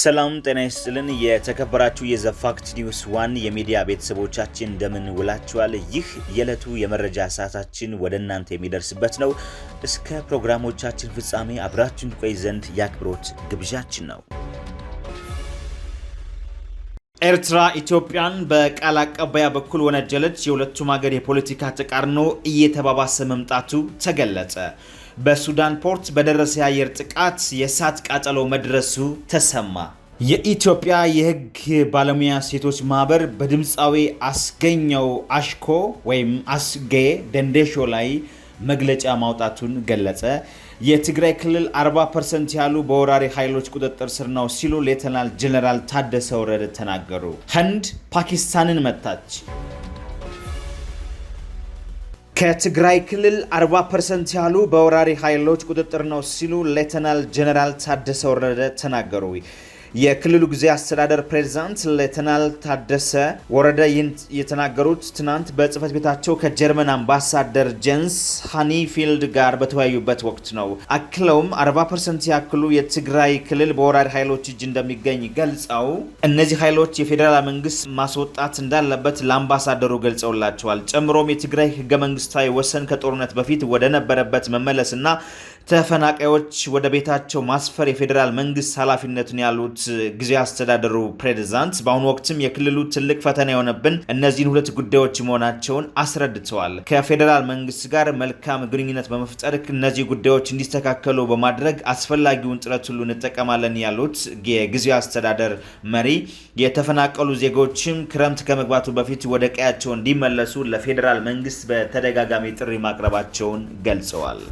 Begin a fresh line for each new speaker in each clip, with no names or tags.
ሰላም ጤና ይስጥልን። የተከበራችሁ የዘፋክት ኒውስ ዋን የሚዲያ ቤተሰቦቻችን እንደምን ውላችኋል? ይህ የዕለቱ የመረጃ ሰዓታችን ወደ እናንተ የሚደርስበት ነው። እስከ ፕሮግራሞቻችን ፍጻሜ አብራችን ቆይ ዘንድ የአክብሮት ግብዣችን ነው። ኤርትራ ኢትዮጵያን በቃል አቀባያ በኩል ወነጀለች። የሁለቱም ሀገር የፖለቲካ ተቃርኖ እየተባባሰ መምጣቱ ተገለጸ። በሱዳን ፖርት በደረሰ የአየር ጥቃት የእሳት ቃጠሎ መድረሱ ተሰማ። የኢትዮጵያ የሕግ ባለሙያ ሴቶች ማህበር በድምፃዊ አስገኘው አሽኮ ወይም አስጌ ደንዴሾ ላይ መግለጫ ማውጣቱን ገለጸ። የትግራይ ክልል 40 ፐርሰንት ያሉ በወራሪ ኃይሎች ቁጥጥር ስር ነው ሲሉ ሌተናል ጀነራል ታደሰ ወረደ ተናገሩ። ህንድ ፓኪስታንን መታች። ከትግራይ ክልል 40 ፐርሰንት ያህሉ በወራሪ ኃይሎች ቁጥጥር ነው ሲሉ ሌተናል ጀነራል ታደሰ ወረደ ተናገሩ። የክልሉ ጊዜ አስተዳደር ፕሬዚዳንት ሌተናል ታደሰ ወረደ ይህን የተናገሩት ትናንት በጽህፈት ቤታቸው ከጀርመን አምባሳደር ጀንስ ሃኒፊልድ ጋር በተወያዩበት ወቅት ነው። አክለውም 40 ፐርሰንት ያክሉ የትግራይ ክልል በወራሪ ኃይሎች እጅ እንደሚገኝ ገልጸው እነዚህ ኃይሎች የፌዴራል መንግስት ማስወጣት እንዳለበት ለአምባሳደሩ ገልጸውላቸዋል። ጨምሮም የትግራይ ህገ መንግስታዊ ወሰን ከጦርነት በፊት ወደ ነበረበት መመለስና ተፈናቃዮች ወደ ቤታቸው ማስፈር የፌዴራል መንግስት ኃላፊነቱን ያሉት ጊዜ አስተዳደሩ ፕሬዚዳንት በአሁኑ ወቅትም የክልሉ ትልቅ ፈተና የሆነብን እነዚህን ሁለት ጉዳዮች መሆናቸውን አስረድተዋል። ከፌዴራል መንግስት ጋር መልካም ግንኙነት በመፍጠር እነዚህ ጉዳዮች እንዲስተካከሉ በማድረግ አስፈላጊውን ጥረት ሁሉ እንጠቀማለን ያሉት የጊዜ አስተዳደር መሪ የተፈናቀሉ ዜጎችም ክረምት ከመግባቱ በፊት ወደ ቀያቸው እንዲመለሱ ለፌዴራል መንግስት በተደጋጋሚ ጥሪ ማቅረባቸውን ገልጸዋል።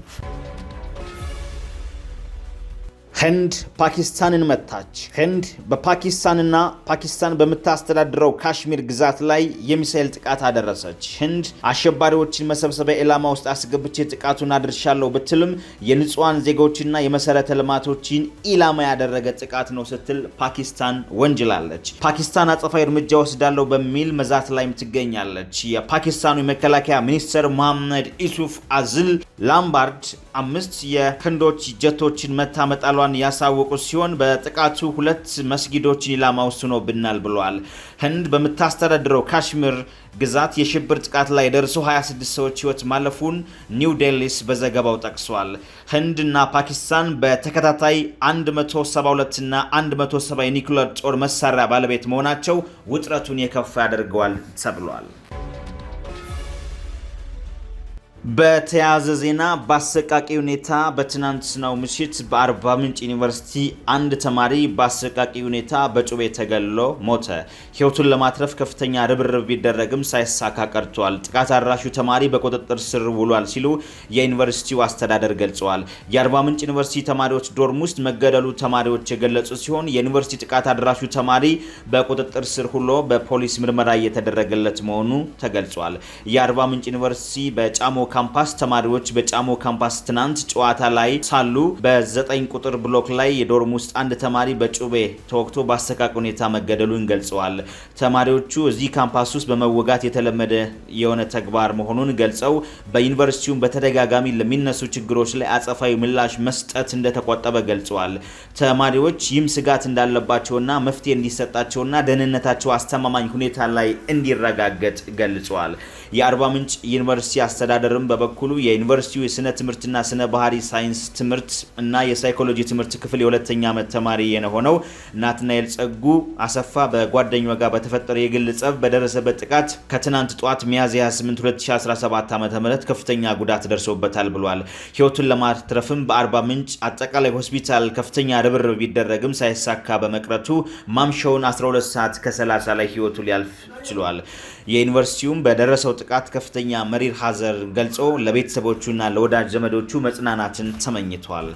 ህንድ ፓኪስታንን መታች። ህንድ በፓኪስታንና ፓኪስታን በምታስተዳድረው ካሽሚር ግዛት ላይ የሚሳኤል ጥቃት አደረሰች። ህንድ አሸባሪዎችን መሰብሰቢያ ኢላማ ውስጥ አስገብቼ ጥቃቱን አድርሻለሁ ብትልም የንጹሐን ዜጎችና የመሰረተ ልማቶችን ኢላማ ያደረገ ጥቃት ነው ስትል ፓኪስታን ወንጅላለች። ፓኪስታን አጸፋዊ እርምጃ ወስዳለሁ በሚል መዛት ላይም ትገኛለች። የፓኪስታኑ የመከላከያ ሚኒስትር መሐመድ ኢሱፍ አዝል ላምባርድ አምስት የህንዶች ጀቶችን መታመጣሏን መሆኗን ያሳወቁ ሲሆን በጥቃቱ ሁለት መስጊዶችን ኢላማ ወስኖብናል ብሏል። ህንድ በምታስተዳድረው ካሽሚር ግዛት የሽብር ጥቃት ላይ ደርሶ 26 ሰዎች ህይወት ማለፉን ኒው ዴሊስ በዘገባው ጠቅሷል። ህንድ እና ፓኪስታን በተከታታይ 172 እና 170 የኒኩለር ጦር መሳሪያ ባለቤት መሆናቸው ውጥረቱን የከፋ ያደርገዋል ተብሏል። በተያያዘ ዜና በአሰቃቂ ሁኔታ በትናንትናው ምሽት በአርባ ምንጭ ዩኒቨርሲቲ አንድ ተማሪ በአሰቃቂ ሁኔታ በጩቤ ተገሎ ሞተ። ሕይወቱን ለማትረፍ ከፍተኛ ርብርብ ቢደረግም ሳይሳካ ቀርቷል። ጥቃት አድራሹ ተማሪ በቁጥጥር ስር ውሏል ሲሉ የዩኒቨርሲቲው አስተዳደር ገልጸዋል። የአርባ ምንጭ ዩኒቨርሲቲ ተማሪዎች ዶርም ውስጥ መገደሉ ተማሪዎች የገለጹ ሲሆን የዩኒቨርሲቲ ጥቃት አድራሹ ተማሪ በቁጥጥር ስር ሁሎ በፖሊስ ምርመራ እየተደረገለት መሆኑ ተገልጿል። የአርባ ምንጭ ዩኒቨርሲቲ በጫሞ ካምፓስ ተማሪዎች በጫሞ ካምፓስ ትናንት ጨዋታ ላይ ሳሉ በዘጠኝ ቁጥር ብሎክ ላይ የዶርም ውስጥ አንድ ተማሪ በጩቤ ተወግቶ በአሰቃቂ ሁኔታ መገደሉን ገልጸዋል። ተማሪዎቹ እዚህ ካምፓስ ውስጥ በመወጋት የተለመደ የሆነ ተግባር መሆኑን ገልጸው በዩኒቨርሲቲውም በተደጋጋሚ ለሚነሱ ችግሮች ላይ አጸፋዊ ምላሽ መስጠት እንደተቆጠበ ገልጸዋል። ተማሪዎች ይህም ስጋት እንዳለባቸውና መፍትሄ እንዲሰጣቸውና ደህንነታቸው አስተማማኝ ሁኔታ ላይ እንዲረጋገጥ ገልጸዋል። የአርባ ምንጭ ዩኒቨርሲቲ አስተዳደር ዶክተርም በበኩሉ የዩኒቨርሲቲው የስነ ትምህርትና ስነ ባህሪ ሳይንስ ትምህርት እና የሳይኮሎጂ ትምህርት ክፍል የሁለተኛ ዓመት ተማሪ የሆነው ናትናኤል ጸጉ አሰፋ በጓደኛ ጋር በተፈጠረ የግል ጸብ በደረሰበት ጥቃት ከትናንት ጠዋት ሚያዝያ 28 2017 ዓ.ም ከፍተኛ ጉዳት ደርሶበታል ብሏል። ህይወቱን ለማትረፍም በአርባ ምንጭ አጠቃላይ ሆስፒታል ከፍተኛ ርብርብ ቢደረግም ሳይሳካ በመቅረቱ ማምሻውን 12 ሰዓት ከ30 ላይ ህይወቱ ሊያልፍ ችሏል። የዩኒቨርሲቲውም በደረሰው ጥቃት ከፍተኛ መሪር ሀዘን ገልጾ ለቤተሰቦቹና ለወዳጅ ዘመዶቹ መጽናናትን ተመኝቷል።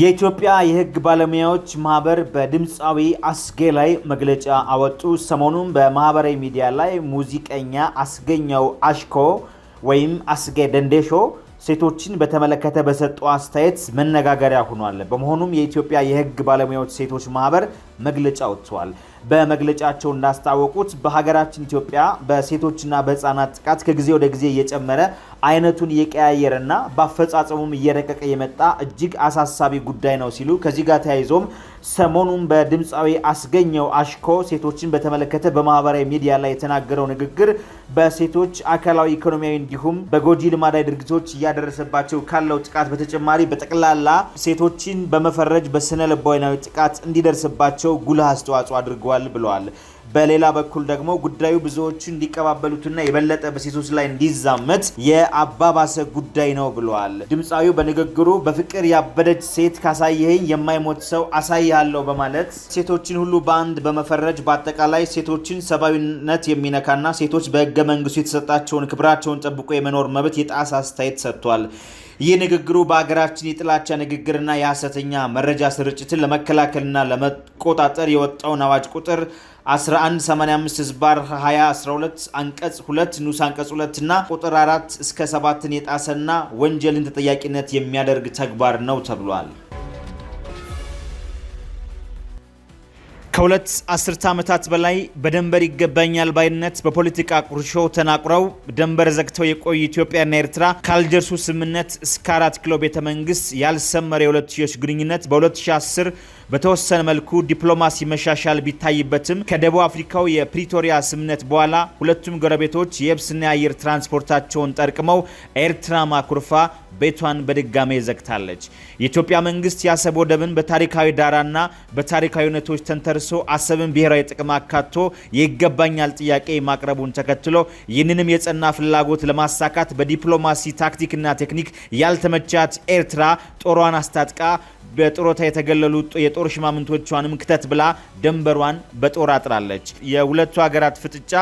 የኢትዮጵያ የሕግ ባለሙያዎች ማህበር በድምፃዊ አስጌ ላይ መግለጫ አወጡ። ሰሞኑን በማህበራዊ ሚዲያ ላይ ሙዚቀኛ አስገኘው አሽኮ ወይም አስጌ ደንዴሾ ሴቶችን በተመለከተ በሰጡ አስተያየት መነጋገሪያ ሆኗል። በመሆኑም የኢትዮጵያ የሕግ ባለሙያዎች ሴቶች ማህበር መግለጫ ወጥተዋል በመግለጫቸው እንዳስታወቁት በሀገራችን ኢትዮጵያ በሴቶችና በህፃናት ጥቃት ከጊዜ ወደ ጊዜ እየጨመረ አይነቱን እየቀያየረና በአፈጻጸሙም እየረቀቀ የመጣ እጅግ አሳሳቢ ጉዳይ ነው ሲሉ ከዚህ ጋር ተያይዞም ሰሞኑን በድምፃዊ አስገኘው አሽኮ ሴቶችን በተመለከተ በማህበራዊ ሚዲያ ላይ የተናገረው ንግግር በሴቶች አካላዊ፣ ኢኮኖሚያዊ እንዲሁም በጎጂ ልማዳዊ ድርጊቶች እያደረሰባቸው ካለው ጥቃት በተጨማሪ በጠቅላላ ሴቶችን በመፈረጅ በስነ ልቦናዊ ጥቃት እንዲደርስባቸው ጉልህ አስተዋጽኦ አድርገዋል ብለዋል። በሌላ በኩል ደግሞ ጉዳዩ ብዙዎቹ እንዲቀባበሉትና የበለጠ በሴቶች ላይ እንዲዛመት የአባባሰ ጉዳይ ነው ብለዋል። ድምፃዊው በንግግሩ በፍቅር ያበደች ሴት ካሳየኸኝ የማይሞት ሰው አሳያለሁ በማለት ሴቶችን ሁሉ በአንድ በመፈረጅ በአጠቃላይ ሴቶችን ሰብአዊነት የሚነካና ሴቶች በህገ መንግስቱ የተሰጣቸውን ክብራቸውን ጠብቆ የመኖር መብት የጣሳ አስተያየት ሰጥቷል። ይህ ንግግሩ በሀገራችን የጥላቻ ንግግርና የሐሰተኛ መረጃ ስርጭትን ለመከላከልና ለመቆጣጠር የወጣውን አዋጅ ቁጥር 1185 ህዝባር 2012 አንቀጽ 2 ንዑስ አንቀጽ 2 እና ቁጥር 4 እስከ 7ን የጣሰና ወንጀልን ተጠያቂነት የሚያደርግ ተግባር ነው ተብሏል። ከሁለት አስርተ ዓመታት በላይ በደንበር ይገባኛል ባይነት በፖለቲካ ቁርሾ ተናቁረው ደንበር ዘግተው የቆዩ ኢትዮጵያና ኤርትራ ካልጀርሱ ስምምነት እስከ አራት ኪሎ ቤተ መንግስት ያልሰመረ የሁለትዮሽ ግንኙነት በ2010 በተወሰነ መልኩ ዲፕሎማሲ መሻሻል ቢታይበትም ከደቡብ አፍሪካው የፕሪቶሪያ ስምነት በኋላ ሁለቱም ጎረቤቶች የብስና የአየር ትራንስፖርታቸውን ጠርቅመው ኤርትራ ማኩርፋ ቤቷን በድጋሜ ዘግታለች። የኢትዮጵያ መንግስት የአሰብ ወደብን በታሪካዊ ዳራና በታሪካዊ እውነቶች ተንተርሶ አሰብን ብሔራዊ ጥቅም አካቶ የይገባኛል ጥያቄ ማቅረቡን ተከትሎ ይህንንም የጸና ፍላጎት ለማሳካት በዲፕሎማሲ ታክቲክና ቴክኒክ ያልተመቻት ኤርትራ ጦሯን አስታጥቃ በጥሮታ የተገለሉ የጦር ሽማምንቶቿንም ክተት ብላ ደንበሯን በጦር አጥራለች። የሁለቱ ሀገራት ፍጥጫ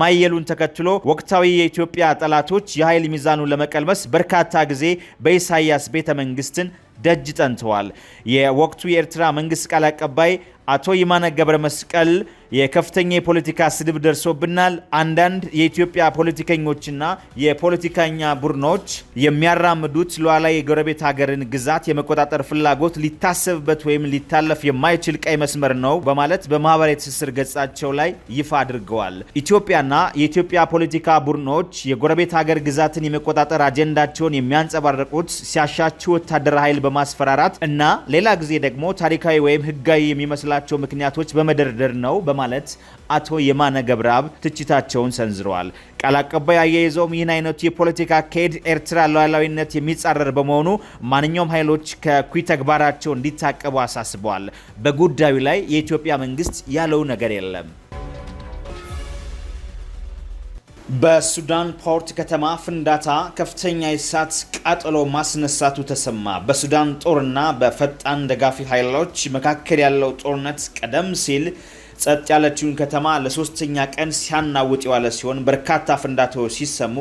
ማየሉን ተከትሎ ወቅታዊ የኢትዮጵያ ጠላቶች የኃይል ሚዛኑን ለመቀልበስ በርካታ ጊዜ በኢሳያስ ቤተ መንግስትን ደጅ ጠንተዋል። የወቅቱ የኤርትራ መንግስት ቃል አቀባይ አቶ ይማነ ገብረ መስቀል የከፍተኛ የፖለቲካ ስድብ ደርሶብናል፣ አንዳንድ የኢትዮጵያ ፖለቲከኞችና የፖለቲከኛ ቡድኖች የሚያራምዱት ሉዓላዊ የጎረቤት ሀገርን ግዛት የመቆጣጠር ፍላጎት ሊታሰብበት ወይም ሊታለፍ የማይችል ቀይ መስመር ነው በማለት በማህበራዊ ትስስር ገጻቸው ላይ ይፋ አድርገዋል። ኢትዮጵያና የኢትዮጵያ ፖለቲካ ቡድኖች የጎረቤት ሀገር ግዛትን የመቆጣጠር አጀንዳቸውን የሚያንጸባርቁት ሲያሻችው ወታደር ኃይል በማስፈራራት እና ሌላ ጊዜ ደግሞ ታሪካዊ ወይም ህጋዊ የሚመስላቸው ምክንያቶች በመደርደር ነው በማለት አቶ የማነ ገብረአብ ትችታቸውን ሰንዝረዋል። ቃል አቀባይ አያይዘውም ይህን አይነቱ የፖለቲካ አካሄድ ኤርትራ ሉዓላዊነት የሚጻረር በመሆኑ ማንኛውም ኃይሎች ከኩይ ተግባራቸው እንዲታቀቡ አሳስበዋል። በጉዳዩ ላይ የኢትዮጵያ መንግስት ያለው ነገር የለም። በሱዳን ፖርት ከተማ ፍንዳታ ከፍተኛ የእሳት ቃጠሎ ማስነሳቱ ተሰማ። በሱዳን ጦርና በፈጣን ደጋፊ ኃይሎች መካከል ያለው ጦርነት ቀደም ሲል ጸጥ ያለችውን ከተማ ለሶስተኛ ቀን ሲያናውጥ የዋለ ሲሆን በርካታ ፍንዳታዎች ሲሰሙ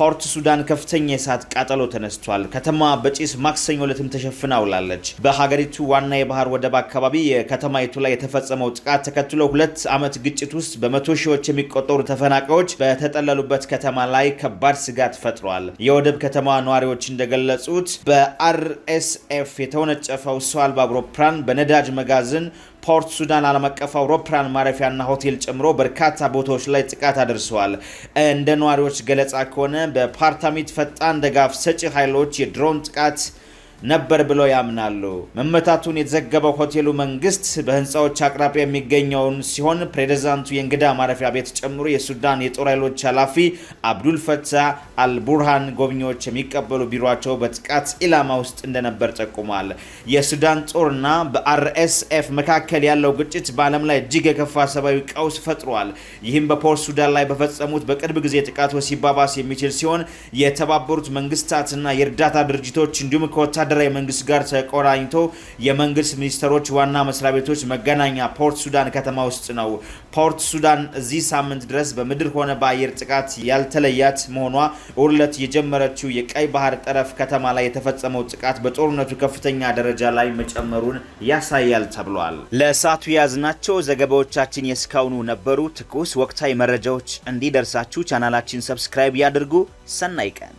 ፖርት ሱዳን ከፍተኛ የእሳት ቃጠሎ ተነስቷል። ከተማዋ በጭስ ማክሰኞ ዕለትም ተሸፍና ውላለች። በሀገሪቱ ዋና የባህር ወደብ አካባቢ የከተማይቱ ላይ የተፈጸመው ጥቃት ተከትሎ ሁለት ዓመት ግጭት ውስጥ በመቶ ሺዎች የሚቆጠሩ ተፈናቃዮች በተጠለሉበት ከተማ ላይ ከባድ ስጋት ፈጥሯል። የወደብ ከተማ ነዋሪዎች እንደገለጹት በአርኤስኤፍ የተወነጨፈው ሰው አልባ አውሮፕላን በነዳጅ መጋዘን ፖርት ሱዳን ዓለም አቀፍ አውሮፕላን ማረፊያና ሆቴል ጨምሮ በርካታ ቦታዎች ላይ ጥቃት አድርሰዋል። እንደ ነዋሪዎች ገለጻ ከሆነ በፓርታሚት ፈጣን ድጋፍ ሰጪ ኃይሎች የድሮን ጥቃት ነበር ብለው ያምናሉ። መመታቱን የተዘገበው ሆቴሉ መንግስት በህንፃዎች አቅራቢያ የሚገኘውን ሲሆን ፕሬዚዳንቱ የእንግዳ ማረፊያ ቤት ጨምሮ የሱዳን የጦር ኃይሎች ኃላፊ አብዱል አልቡርሃን ጎብኚዎች የሚቀበሉ ቢሮቸው በጥቃት ኢላማ ውስጥ እንደነበር ጠቁሟል። የሱዳን ጦርና በአርኤስኤፍ መካከል ያለው ግጭት በዓለም ላይ እጅግ የከፋ ሰብአዊ ቀውስ ፈጥሯል። ይህም በፖርት ሱዳን ላይ በፈጸሙት በቅርብ ጊዜ ጥቃት ሲባባስ የሚችል ሲሆን የተባበሩት መንግስታትና የእርዳታ ድርጅቶች እንዲሁም ከወታ ወታደራዊ መንግስት ጋር ተቆራኝቶ የመንግስት ሚኒስትሮች ዋና መስሪያ ቤቶች መገናኛ ፖርት ሱዳን ከተማ ውስጥ ነው። ፖርት ሱዳን እዚህ ሳምንት ድረስ በምድር ሆነ በአየር ጥቃት ያልተለያት መሆኗ ውርለት የጀመረችው የቀይ ባህር ጠረፍ ከተማ ላይ የተፈጸመው ጥቃት በጦርነቱ ከፍተኛ ደረጃ ላይ መጨመሩን ያሳያል ተብሏል። ለሰዓቱ የያዝናቸው ዘገባዎቻችን የስካውኑ ነበሩ። ትኩስ ወቅታዊ መረጃዎች እንዲደርሳችሁ ቻናላችን ሰብስክራይብ ያድርጉ። ሰናይ ቀን